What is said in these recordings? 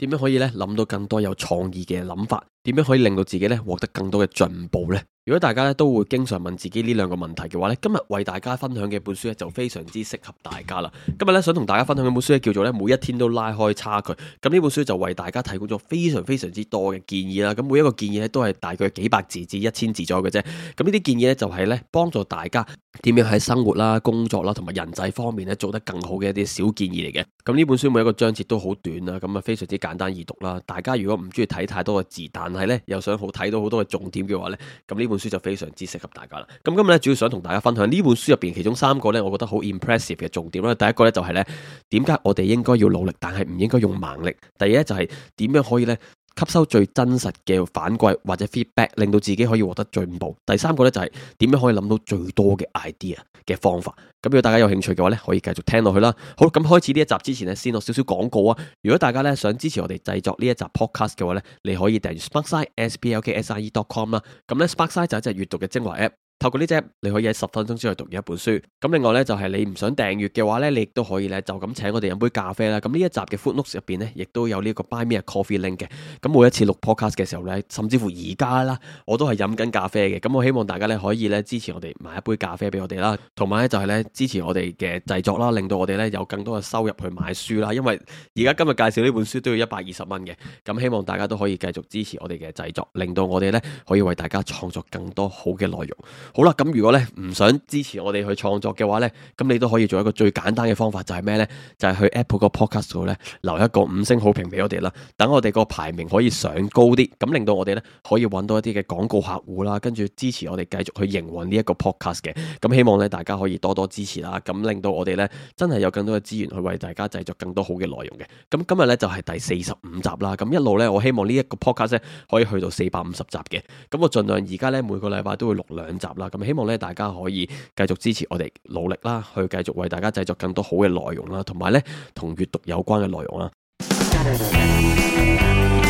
點樣可以咧諗到更多有創意嘅諗法？點樣可以令到自己咧獲得更多嘅進步呢？如果大家咧都會經常問自己呢兩個問題嘅話咧，今日為大家分享嘅本書咧就非常之適合大家啦。今日咧想同大家分享嘅本書咧叫做咧每一天都拉開差距。咁呢本書就為大家提供咗非常非常之多嘅建議啦。咁每一個建議咧都係大概幾百字至一千字左右嘅啫。咁呢啲建議咧就係咧幫助大家點樣喺生活啦、工作啦同埋人際方面咧做得更好嘅一啲小建議嚟嘅。咁呢本書每一個章節都好短啦，咁啊非常之簡單易讀啦。大家如果唔中意睇太多嘅字但但係咧，又想好睇到好多嘅重點嘅話咧，咁呢本書就非常之適合大家啦。咁今日咧，主要想同大家分享呢本書入邊其中三個咧，我覺得好 impressive 嘅重點啦。第一個咧就係咧，點解我哋應該要努力，但係唔應該用蠻力。第二咧就係點樣可以咧。吸收最真實嘅反饋或者 feedback，令到自己可以獲得進步。第三個咧就係、是、點樣可以諗到最多嘅 idea 嘅方法。咁如果大家有興趣嘅話咧，可以繼續聽落去啦。好，咁開始呢一集之前咧，先落少少廣告啊。如果大家咧想支持我哋製作呢一集 podcast 嘅話咧，你可以訂閱 sparksine, s-p-a-r-k-s-i-n-e.com 啦。咁咧 sparksine 就係即係閱讀嘅精華 app。透過呢隻你可以喺十分鐘之內讀完一本書。咁另外呢，就係你唔想訂閱嘅話呢，你亦都可以呢，就咁請我哋飲杯咖啡啦。咁呢一集嘅 Footnote 入邊呢，亦都有呢個 Buy Me Coffee link 嘅。咁每一次錄 Podcast 嘅時候呢，甚至乎而家啦，我都係飲緊咖啡嘅。咁我希望大家呢，可以呢支持我哋買一杯咖啡俾我哋啦，同埋呢，就係呢支持我哋嘅製作啦，令到我哋呢有更多嘅收入去買書啦。因為而家今日介紹呢本書都要一百二十蚊嘅。咁希望大家都可以繼續支持我哋嘅製作，令到我哋呢可以為大家創作更多好嘅內容。好啦，咁如果咧唔想支持我哋去創作嘅話咧，咁你都可以做一個最簡單嘅方法，就係咩咧？就係去 Apple 個 Podcast 度咧留一個五星好評俾我哋啦，等我哋個排名可以上高啲，咁令到我哋咧可以揾到一啲嘅廣告客戶啦，跟住支持我哋繼續去營運呢一個 Podcast 嘅。咁希望咧大家可以多多支持啦，咁令到我哋咧真係有更多嘅資源去為大家製作更多好嘅內容嘅。咁今日咧就係第四十五集啦，咁一路咧我希望呢一個 Podcast 咧可以去到四百五十集嘅，咁我盡量而家咧每個禮拜都會錄兩集。咁希望咧，大家可以繼續支持我哋努力啦，去繼續為大家製作更多好嘅內容啦，同埋咧，同閲讀有關嘅內容啦。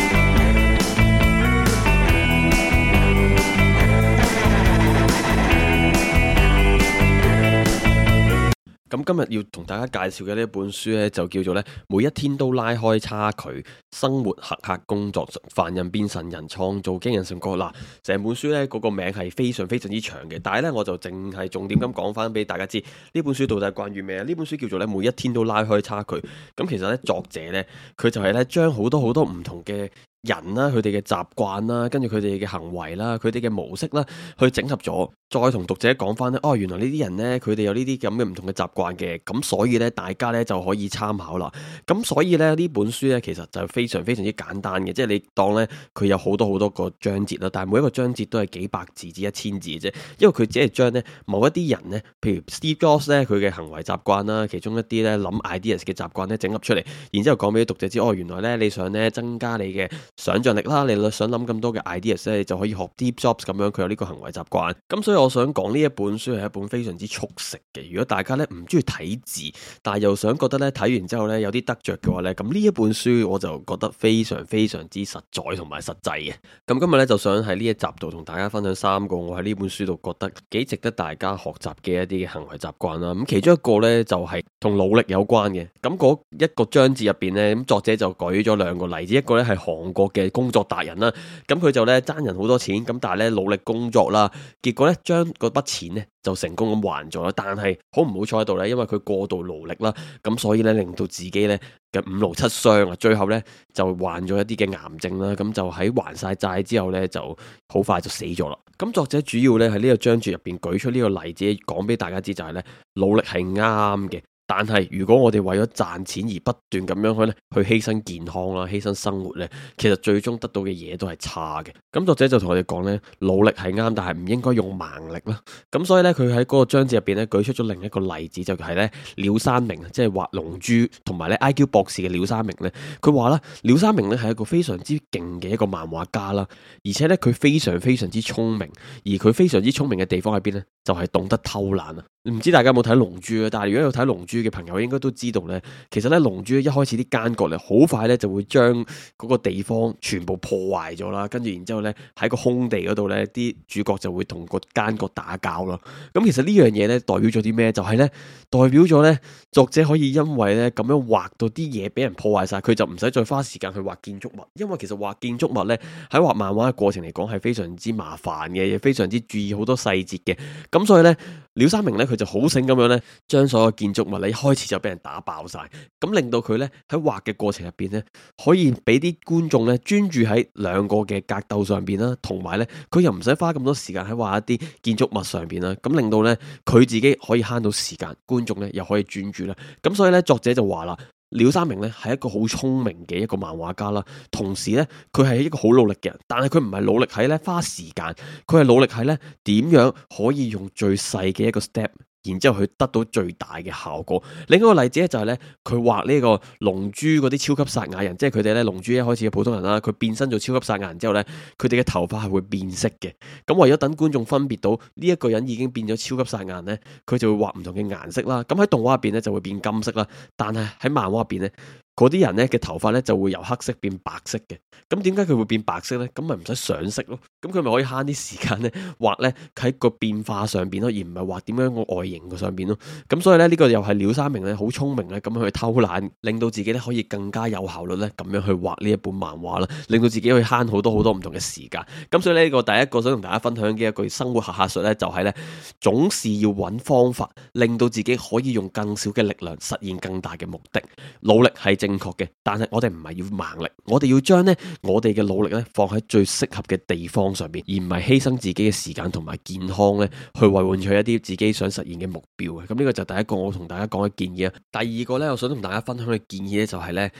咁今日要同大家介紹嘅呢一本書呢，就叫做咧，每一天都拉開差距，生活黑客工作凡人變神人，創造驚人成果。嗱，成本書呢，嗰個名係非常非常之長嘅，但係呢，我就淨係重點咁講翻俾大家知，呢本書到底關於咩啊？呢本書叫做咧，每一天都拉開差距。咁其實呢，作者呢，佢就係咧，將好多好多唔同嘅。人啦、啊，佢哋嘅習慣啦，跟住佢哋嘅行為啦、啊，佢哋嘅模式啦、啊，去整合咗，再同讀者講翻呢，哦，原來呢啲人呢，佢哋有呢啲咁嘅唔同嘅習慣嘅，咁所以呢，大家呢就可以參考啦。咁所以呢，呢本書呢，其實就非常非常之簡單嘅，即係你當呢，佢有好多好多個章節啦，但係每一個章節都係幾百字至一千字啫，因為佢只係將呢某一啲人呢，譬如 Steve Goss 咧，佢嘅行為習慣啦，其中一啲呢，諗 ideas 嘅習慣呢，整合出嚟，然之後講俾讀者知，哦，原來呢，你想呢，增加你嘅。想象力啦，你想諗咁多嘅 ideas 咧，就可以學 deep jobs 咁樣，佢有呢個行為習慣。咁所以我想講呢一本書係一本非常之速食嘅。如果大家咧唔中意睇字，但係又想覺得咧睇完之後咧有啲得着嘅話咧，咁呢一本書我就覺得非常非常之實在同埋實際嘅。咁今日咧就想喺呢一集度同大家分享三個我喺呢本書度覺得幾值得大家學習嘅一啲行為習慣啦。咁其中一個咧就係同努力有關嘅。咁嗰一個章節入邊咧，咁作者就舉咗兩個例子，一個咧係韓國。嘅工作達人啦，咁佢就咧爭人好多錢，咁但係咧努力工作啦，結果咧將嗰筆錢咧就成功咁還咗，但係好唔好彩喺度咧，因為佢過度勞力啦，咁所以咧令到自己咧嘅五勞七傷啊，最後咧就患咗一啲嘅癌症啦，咁就喺還晒債之後咧就好快就死咗啦。咁作者主要咧喺呢個章節入邊舉出呢個例子，講俾大家知就係咧努力係啱嘅。但係如果我哋為咗賺錢而不斷咁樣去咧，去犧牲健康啊，犧牲生活咧，其實最終得到嘅嘢都係差嘅。咁作者就同我哋講咧，努力係啱，但係唔應該用盲力啦。咁所以咧，佢喺嗰個章節入邊咧，舉出咗另一個例子，就係咧鳥山明，即係畫龍珠同埋咧 IQ 博士嘅鳥山明咧，佢話啦，鳥山明咧係一個非常之勁嘅一個漫畫家啦，而且咧佢非常非常之聰明，而佢非常之聰明嘅地方喺邊咧，就係、是、懂得偷懶啊。唔知大家有冇睇龍珠啊？但係如果有睇龍珠。嘅朋友應該都知道咧，其實咧龍珠一開始啲奸角咧，好快咧就會將嗰個地方全部破壞咗啦。跟住然之後咧喺個空地嗰度咧，啲主角就會同個奸角打交咯。咁其實呢樣嘢咧代表咗啲咩？就係咧代表咗咧作者可以因為咧咁樣畫到啲嘢俾人破壞晒，佢就唔使再花時間去畫建築物，因為其實畫建築物咧喺畫漫畫嘅過程嚟講係非常之麻煩嘅，亦非常之注意好多細節嘅。咁所以咧。廖三明咧，佢就好醒咁樣咧，將所有建築物咧一開始就俾人打爆晒，咁令到佢咧喺畫嘅過程入邊咧，可以俾啲觀眾咧專注喺兩個嘅格鬥上邊啦，同埋咧佢又唔使花咁多時間喺畫一啲建築物上邊啦，咁令到咧佢自己可以慳到時間，觀眾咧又可以專注啦，咁所以咧作者就話啦。廖三明呢係一個好聰明嘅一個漫畫家啦，同時呢佢係一個好努力嘅人，但係佢唔係努力喺呢花時間，佢係努力喺呢點樣可以用最細嘅一個 step。然之後佢得到最大嘅效果。另一個例子咧就係咧，佢畫呢個龍珠嗰啲超級賽亞人，即係佢哋咧龍珠一開始嘅普通人啦，佢變身咗超級賽亞人之後咧，佢哋嘅頭髮係會變色嘅。咁為咗等觀眾分別到呢一個人已經變咗超級賽亞人咧，佢就會畫唔同嘅顏色啦。咁喺動畫入邊咧就會變金色啦，但係喺漫畫入邊咧，嗰啲人咧嘅頭髮咧就會由黑色變白色嘅，咁點解佢會變白色呢？咁咪唔使上色咯，咁佢咪可以慳啲時間呢，畫呢喺個變化上邊咯，而唔係畫點樣個外形嘅上邊咯。咁所以咧呢個又係鳥山明咧好聰明咧，咁去偷懶，令到自己咧可以更加有效率咧咁樣去畫呢一本漫畫啦，令到自己去慳好多好多唔同嘅時間。咁所以呢個第一個想同大家分享嘅一句生活下下術呢，就係呢：「總是要搵方法，令到自己可以用更少嘅力量實現更大嘅目的。」努力係正。正確嘅，但係我哋唔係要猛力，我哋要將咧我哋嘅努力咧放喺最適合嘅地方上面，而唔係犧牲自己嘅時間同埋健康咧去為換取一啲自己想實現嘅目標嘅。咁呢個就第一個我同大家講嘅建議啊。第二個咧，我想同大家分享嘅建議咧就係、是、咧，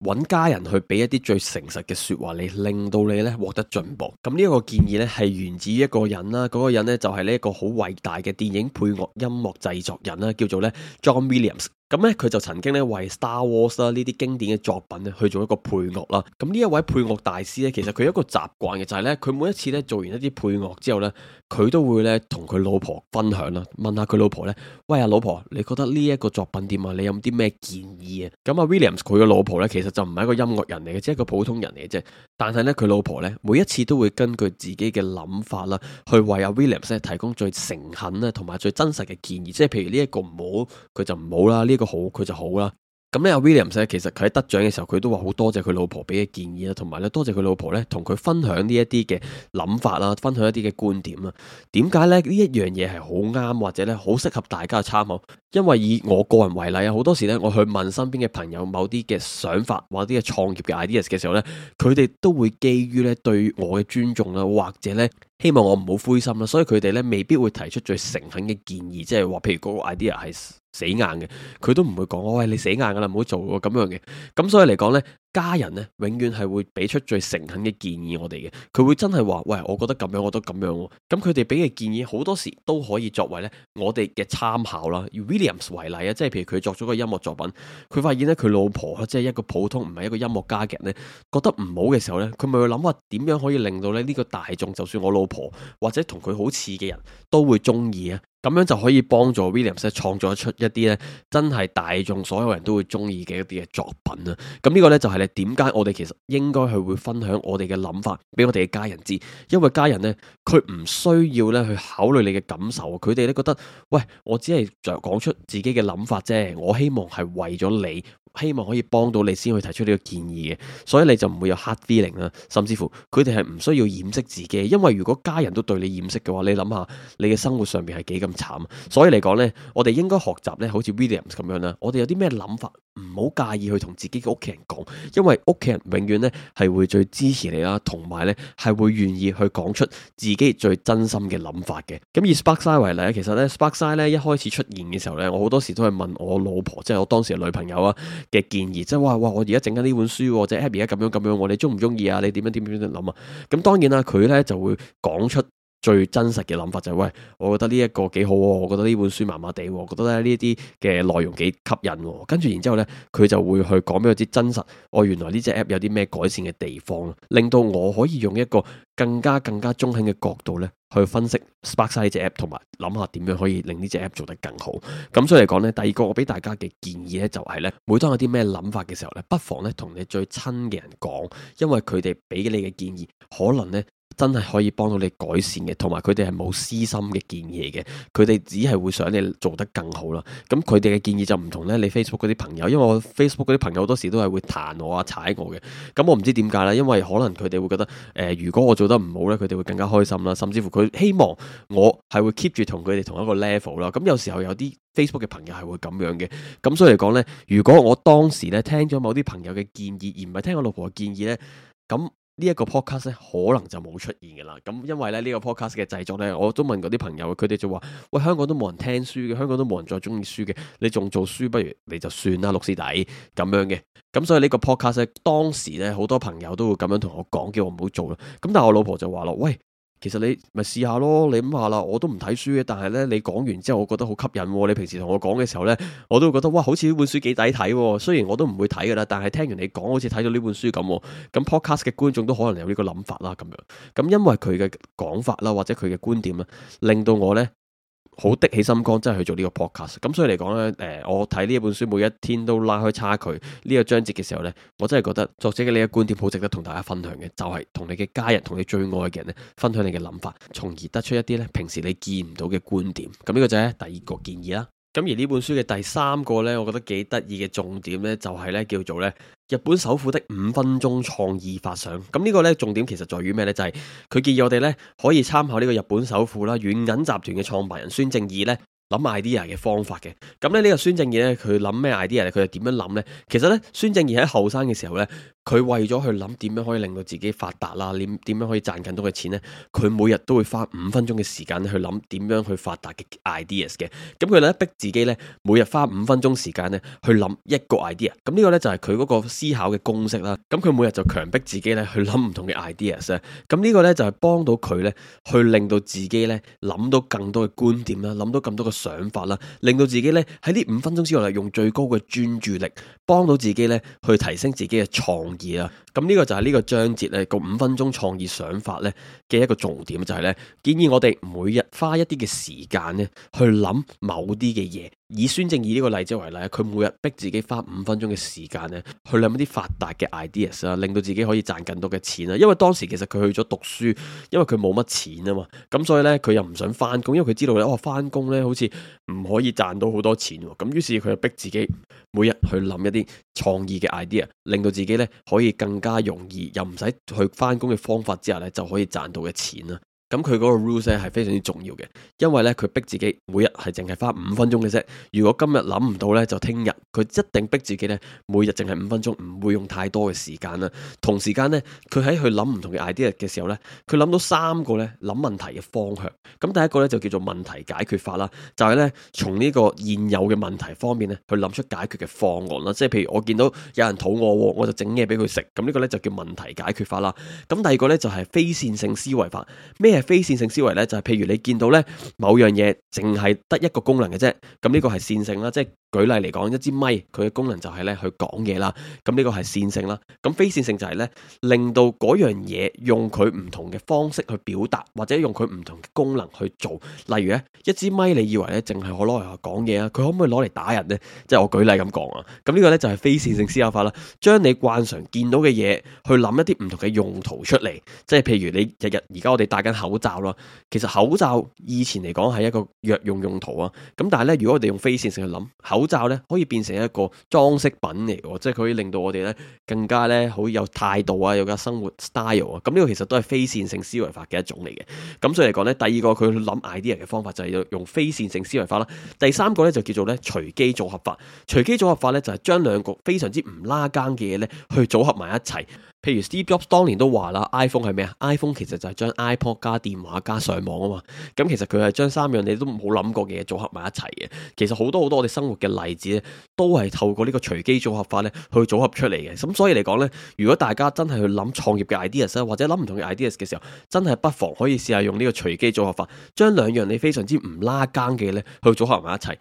揾家人去俾一啲最誠實嘅說話，你令到你咧獲得進步。咁呢一個建議咧係源自於一個人啦，嗰、那個人咧就係呢一個好偉大嘅電影配樂音樂製作人啦，叫做咧 John Williams。咁咧，佢就曾經咧為 Star Wars 啦，呢啲經典嘅作品咧去做一個配樂啦。咁呢一位配樂大師咧，其實佢有一個習慣嘅就係咧，佢每一次咧做完一啲配樂之後咧，佢都會咧同佢老婆分享啦，問下佢老婆咧，喂啊老婆，你覺得呢一個作品點啊？你有啲咩建議啊？咁阿 Williams 佢嘅老婆咧，其實就唔係一個音樂人嚟嘅，即係一個普通人嚟嘅啫。但係咧，佢老婆咧每一次都會根據自己嘅諗法啦，去為阿 Williams 提供最誠懇啊同埋最真實嘅建議。即係譬如呢一個唔好，佢就唔好啦。呢呢個好佢就好啦，咁咧阿 William 咧其實佢喺得獎嘅時候佢都話好多謝佢老婆俾嘅建議啦，同埋咧多謝佢老婆咧同佢分享呢一啲嘅諗法啦，分享一啲嘅觀點啦。點解咧呢一樣嘢係好啱或者咧好適合大家參考？因為以我個人為例啊，好多時咧我去問身邊嘅朋友某啲嘅想法或者啲嘅創業嘅 ideas 嘅時候咧，佢哋都會基於咧對我嘅尊重啦，或者咧。希望我唔好灰心啦，所以佢哋咧未必會提出最誠懇嘅建議，即係話，譬如嗰個 idea 係死硬嘅，佢都唔會講，喂，你死硬噶啦，唔好做咁樣嘅，咁所以嚟講咧。家人咧，永遠係會俾出最誠懇嘅建議我哋嘅，佢會真係話，喂，我覺得咁樣，我都咁樣，咁佢哋俾嘅建議好多時都可以作為咧我哋嘅參考啦。以 Williams 為例啊，即係譬如佢作咗個音樂作品，佢發現咧佢老婆即係、就是、一個普通唔係一個音樂家嘅人咧，覺得唔好嘅時候咧，佢咪會諗話點樣可以令到咧呢個大眾就算我老婆或者同佢好似嘅人都會中意啊。咁樣就可以幫助 Williams 咧，創作出一啲咧真係大眾所有人都會中意嘅一啲嘅作品啦。咁呢個咧就係你點解我哋其實應該係會分享我哋嘅諗法俾我哋嘅家人知，因為家人咧佢唔需要咧去考慮你嘅感受，佢哋咧覺得喂，我只係就講出自己嘅諗法啫，我希望係為咗你。希望可以幫到你先去提出呢個建議嘅，所以你就唔會有 hard feeling 啦，甚至乎佢哋係唔需要掩飾自己，因為如果家人都對你掩飾嘅話，你諗下你嘅生活上面係幾咁慘。所以嚟講呢，我哋應該學習呢好似 Williams 咁樣啦，我哋有啲咩諗法唔好介意去同自己嘅屋企人講，因為屋企人永遠呢係會最支持你啦，同埋呢係會願意去講出自己最真心嘅諗法嘅。咁以 Sparkside 為例，其實呢 Sparkside 咧一開始出現嘅時候呢，我好多時都係問我老婆，即係我當時嘅女朋友啊。嘅建議，即係話哇，哇，我而家整緊呢本書，或者 Apps 而家咁樣咁樣，我你中唔中意啊？你點樣點樣點樣諗啊？咁當然啦，佢咧就會講出。最真實嘅諗法就係、是：喂，我覺得呢一個幾好喎，我覺得呢本書麻麻地，我覺得呢啲嘅內容幾吸引。跟住然之後呢，佢就會去講俾我知真實。我、哦、原來呢隻 app 有啲咩改善嘅地方，令到我可以用一個更加更加中肯嘅角度呢去分析 Spark 晒呢隻 app，同埋諗下點樣可以令呢隻 app 做得更好。咁所以嚟講呢，第二個我俾大家嘅建議呢就係、是、呢，每當有啲咩諗法嘅時候呢，不妨呢同你最親嘅人講，因為佢哋俾你嘅建議可能呢。真係可以幫到你改善嘅，同埋佢哋係冇私心嘅建議嘅，佢哋只係會想你做得更好啦。咁佢哋嘅建議就唔同咧，你 Facebook 嗰啲朋友，因為我 Facebook 嗰啲朋友好多時都係會彈我啊、踩我嘅。咁我唔知點解咧，因為可能佢哋會覺得，誒、呃，如果我做得唔好咧，佢哋會更加開心啦，甚至乎佢希望我係會 keep 住同佢哋同一個 level 啦。咁有時候有啲 Facebook 嘅朋友係會咁樣嘅。咁所以嚟講呢，如果我當時咧聽咗某啲朋友嘅建議，而唔係聽我老婆嘅建議呢。咁。呢一個 podcast 可能就冇出現嘅啦，咁因為咧，呢個 podcast 嘅製作咧，我都問過啲朋友，佢哋就話，喂，香港都冇人聽書嘅，香港都冇人，人再中意書嘅，你仲做書，不如你就算啦，六師弟。」咁樣嘅，咁所以呢個 podcast 當時咧，好多朋友都會咁樣同我講，叫我唔好做啦，咁但係我老婆就話咯，喂。其實你咪試下咯，你諗下啦，我都唔睇書嘅，但係咧你講完之後，我覺得好吸引，啊。你平時同我講嘅時候咧，我都會覺得哇，好似呢本書幾抵睇。雖然我都唔會睇噶啦，但係聽完你講，好似睇到呢本書咁，啊。咁 podcast 嘅觀眾都可能有呢個諗法啦，啊，咁樣咁因為佢嘅講法啦，啊，或者佢嘅觀點啊，令到我咧。好啲起心肝，真係去做呢個 Podcast。咁所以嚟講呢，誒、呃，我睇呢一本書，每一天都拉開差距，呢個章節嘅時候呢，我真係覺得作者嘅呢個觀點好值得同大家分享嘅，就係、是、同你嘅家人、同你最愛嘅人呢，分享你嘅諗法，從而得出一啲呢平時你見唔到嘅觀點。咁呢個就係第二個建議啦。咁而呢本書嘅第三個呢，我覺得幾得意嘅重點呢，就係、是、呢叫做呢。日本首富的五分鐘創意發想。咁呢個咧重點其實在於咩呢？就係、是、佢建議我哋咧可以參考呢個日本首富啦軟銀集團嘅創辦人孫正義咧諗 idea 嘅方法嘅。咁咧呢個孫正義咧佢諗咩 idea 佢係點樣諗呢？其實呢，孫正義喺後生嘅時候呢。佢為咗去諗點樣可以令到自己發達啦，點點樣可以賺更多嘅錢呢？佢每日都會花五分鐘嘅時間去諗點樣去發達嘅 ideas 嘅。咁佢咧逼自己呢每日花五分鐘時間呢去諗一個 idea。咁呢個呢，就係佢嗰個思考嘅公式啦。咁佢每日就強迫自己呢去諗唔同嘅 ideas。咁呢個呢，就係、是、幫到佢呢去令到自己呢諗到更多嘅觀點啦，諗到更多嘅想法啦，令到自己呢喺呢五分鐘之內用最高嘅專注力，幫到自己呢去提升自己嘅創意。二啦，咁呢個就係呢個章節咧個五分鐘創意想法咧嘅一個重點，就係咧建議我哋每日花一啲嘅時間咧去諗某啲嘅嘢。以孫正義呢個例子為例，佢每日逼自己花五分鐘嘅時間咧，去諗一啲發達嘅 ideas 啊，令到自己可以賺更多嘅錢啦。因為當時其實佢去咗讀書，因為佢冇乜錢啊嘛，咁所以呢，佢又唔想翻工，因為佢知道咧哦翻工，呢好似唔可以賺到好多錢，咁於是佢就逼自己每日去諗一啲創意嘅 idea，令到自己呢可以更加容易又唔使去翻工嘅方法之下呢，就可以賺到嘅錢啦。咁佢嗰個 rules 係非常之重要嘅，因為咧佢逼自己每日係淨係花五分鐘嘅啫。如果今日諗唔到咧，就聽日。佢一定逼自己咧，每日淨係五分鐘，唔會用太多嘅時間啦。同時間咧，佢喺佢諗唔同嘅 idea 嘅時候咧，佢諗到三個咧諗問題嘅方向。咁第一個咧就叫做問題解決法啦，就係咧從呢個現有嘅問題方面咧去諗出解決嘅方案啦。即係譬如我見到有人肚餓，我就整嘢俾佢食。咁呢個咧就叫問題解決法啦。咁第二個咧就係非線性思維法咩？係非線性思維咧，就係譬如你見到咧某樣嘢淨係得一個功能嘅啫，咁呢個係線性啦。即係舉例嚟講，一支咪佢嘅功能就係咧去講嘢啦，咁呢個係線性啦。咁非線性就係咧令到嗰樣嘢用佢唔同嘅方式去表達，或者用佢唔同嘅功能去做。例如咧一支咪，你以為咧淨係可攞嚟講嘢啊？佢可唔可以攞嚟打人咧？即係我舉例咁講啊。咁呢個咧就係非線性思考法啦，將你慣常見到嘅嘢去諗一啲唔同嘅用途出嚟，即係譬如你日日而家我哋戴緊口罩咯，其實口罩以前嚟講係一個藥用用途啊，咁但係咧，如果我哋用非線性去諗，口罩咧可以變成一個裝飾品嚟嘅，即係佢可以令到我哋咧更加咧好有態度啊，有個生活 style 啊，咁呢個其實都係非線性思維法嘅一種嚟嘅。咁所以嚟講咧，第二個佢諗 idea 嘅方法就係用非線性思維法啦。第三個咧就叫做咧隨機組合法。隨機組合法咧就係將兩個非常之唔拉更嘅嘢咧去組合埋一齊。譬如 Steve Jobs 當年都話啦，iPhone 係咩啊？iPhone 其實就係將 iPod 加電話加上網啊嘛。咁其實佢係將三樣你都冇諗過嘅嘢組合埋一齊嘅。其實好多好多我哋生活嘅例子咧，都係透過呢個隨機組合法咧去組合出嚟嘅。咁所以嚟講咧，如果大家真係去諗創業嘅 ideas 咧，或者諗唔同嘅 ideas 嘅時候，真係不妨可以試下用呢個隨機組合法，將兩樣你非常之唔拉更嘅咧去組合埋一齊。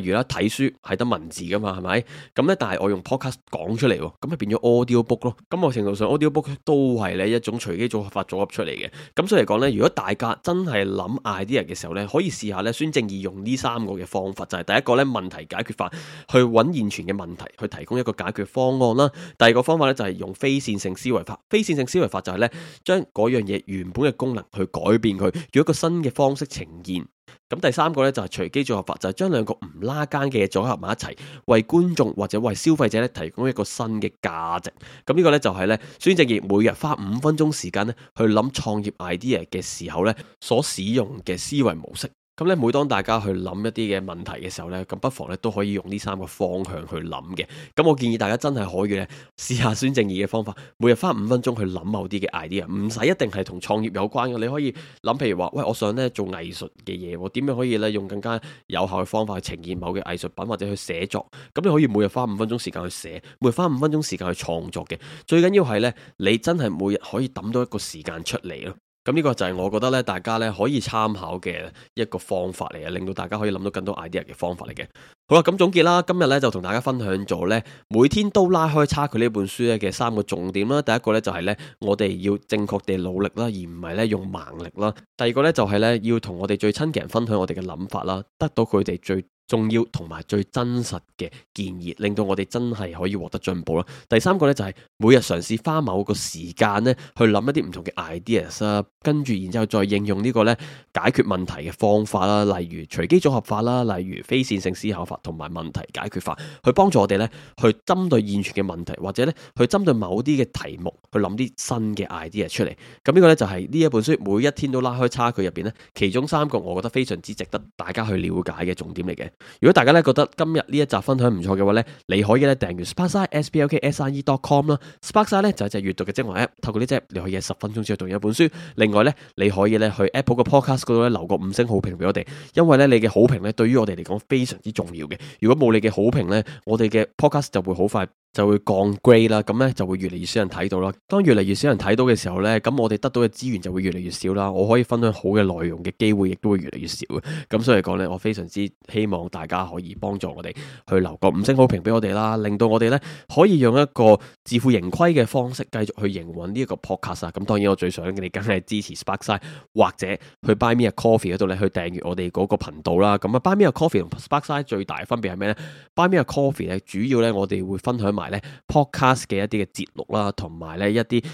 例如啦，睇書係得文字噶嘛，係咪？咁咧，但係我用 podcast 講出嚟喎，咁咪變咗 audio book 咯。咁某程度上。我啲 b 都係咧一種隨機組合法組合出嚟嘅，咁所以嚟講咧，如果大家真係諗嗌啲人嘅時候呢，可以試下呢孫正義用呢三個嘅方法，就係、是、第一個呢問題解決法，去揾現存嘅問題，去提供一個解決方案啦。第二個方法呢，就係用非線性思維法，非線性思維法就係呢將嗰樣嘢原本嘅功能去改變佢，用一個新嘅方式呈現。咁第三個咧，就係隨機組合法，就係、是、將兩個唔拉更嘅嘢組合埋一齊，為觀眾或者為消費者咧提供一個新嘅價值。咁、這、呢個咧就係咧孫正義每日花五分鐘時間咧去諗創業 idea 嘅時候咧所使用嘅思維模式。咁咧，每當大家去諗一啲嘅問題嘅時候呢，咁不妨呢都可以用呢三個方向去諗嘅。咁我建議大家真係可以呢試下孫正義嘅方法，每日花五分鐘去諗某啲嘅 idea，唔使一定係同創業有關嘅。你可以諗，譬如話，喂，我想呢做藝術嘅嘢，我點樣可以呢用更加有效嘅方法去呈現某嘅藝術品或者去寫作？咁你可以每日花五分鐘時間去寫，每日花五分鐘時間去創作嘅。最緊要係呢，你真係每日可以抌到一個時間出嚟咯。咁呢個就係我覺得咧，大家咧可以參考嘅一個方法嚟嘅，令到大家可以諗到更多 idea 嘅方法嚟嘅。好啦，啊，咁總結啦，今日咧就同大家分享咗咧，每天都拉開差距呢本書咧嘅三個重點啦。第一個咧就係咧，我哋要正確地努力啦，而唔係咧用盲力啦。第二個咧就係咧，要同我哋最親嘅人分享我哋嘅諗法啦，得到佢哋最重要同埋最真實嘅建議，令到我哋真係可以獲得進步啦。第三個呢，就係每日嘗試花某個時間呢去諗一啲唔同嘅 ideas，跟住然之後再應用呢個呢解決問題嘅方法啦，例如隨機組合法啦，例如非線性思考法同埋問題解決法，去幫助我哋呢去針對現存嘅問題或者呢去針對某啲嘅題目去諗啲新嘅 idea 出嚟。咁呢個呢，就係呢一本書每一天都拉開差距入邊呢，其中三個我覺得非常之值得大家去了解嘅重點嚟嘅。如果大家咧覺得今日呢一集分享唔錯嘅話咧，你可以咧訂閱 Sparkside, s p a r k s i e s b l k s i e dot com 啦。Sparkside 咧就係一隻閱讀嘅精華 App，透過呢隻你可以喺十分鐘之內讀完一本書。另外咧，你可以咧去 Apple 嘅 Podcast 度咧留個五星好評俾我哋，因為咧你嘅好評咧對於我哋嚟講非常之重要嘅。如果冇你嘅好評咧，我哋嘅 Podcast 就會好快。就會降 grade 啦，咁咧就會越嚟越少人睇到啦。當越嚟越少人睇到嘅時候咧，咁我哋得到嘅資源就會越嚟越少啦。我可以分享好嘅內容嘅機會亦都會越嚟越少。咁所以講咧，我非常之希望大家可以幫助我哋去留個五星好評俾我哋啦，令到我哋咧可以用一個自負盈虧嘅方式繼續去營運呢一個 podcast 啊。咁當然我最想你梗係支持 Sparkside 或者去 Buy Me a Coffee 嗰度咧去訂閱我哋嗰個頻道啦。咁啊，Buy Me a Coffee 同 Sparkside 最大嘅分別係咩咧？Buy Me a Coffee 咧主要咧我哋會分享。埋咧 podcast 嘅一啲嘅節錄啦，同埋咧一啲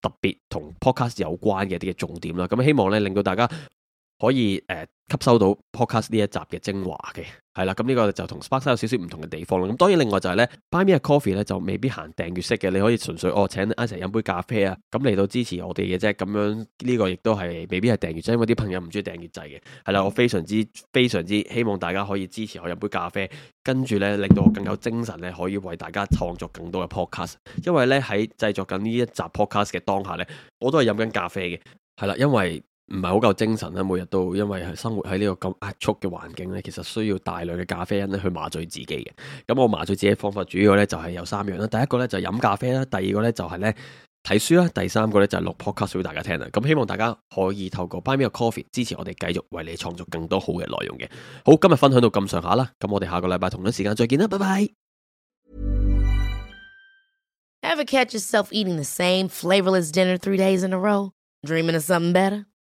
特別同 podcast 有關嘅一啲嘅重點啦，咁希望咧令到大家可以誒吸收到 podcast 呢一集嘅精華嘅。係啦，咁呢個就同 Spark 有少少唔同嘅地方啦。咁當然，另外就係、是、呢 b u y me a coffee 咧就未必行訂月式嘅，你可以純粹哦，請阿成飲杯咖啡啊，咁嚟到支持我哋嘅啫。咁樣呢個亦都係未必係訂月制，因為啲朋友唔中意訂月制嘅。係啦，我非常之非常之希望大家可以支持我飲杯咖啡，跟住呢令到我更有精神咧，可以為大家創作更多嘅 Podcast。因為呢，喺製作緊呢一集 Podcast 嘅當下呢，我都係飲緊咖啡嘅。係啦，因為。唔係好夠精神咧，每日都因為係生活喺呢個咁壓促嘅環境咧，其實需要大量嘅咖啡因咧去麻醉自己嘅。咁我麻醉自己嘅方法主要咧就係有三樣啦，第一個咧就係飲咖啡啦，第二個咧就係咧睇書啦，第三個咧就係錄 podcast 俾大家聽啦。咁希望大家可以透過 Buy Me a Coffee 支持我哋，繼續為你創造更多好嘅內容嘅。好，今日分享到咁上下啦，咁我哋下個禮拜同一時間再見啦，拜拜。Ever catch yourself eating the same flavourless dinner three days in a row, dreaming of something better?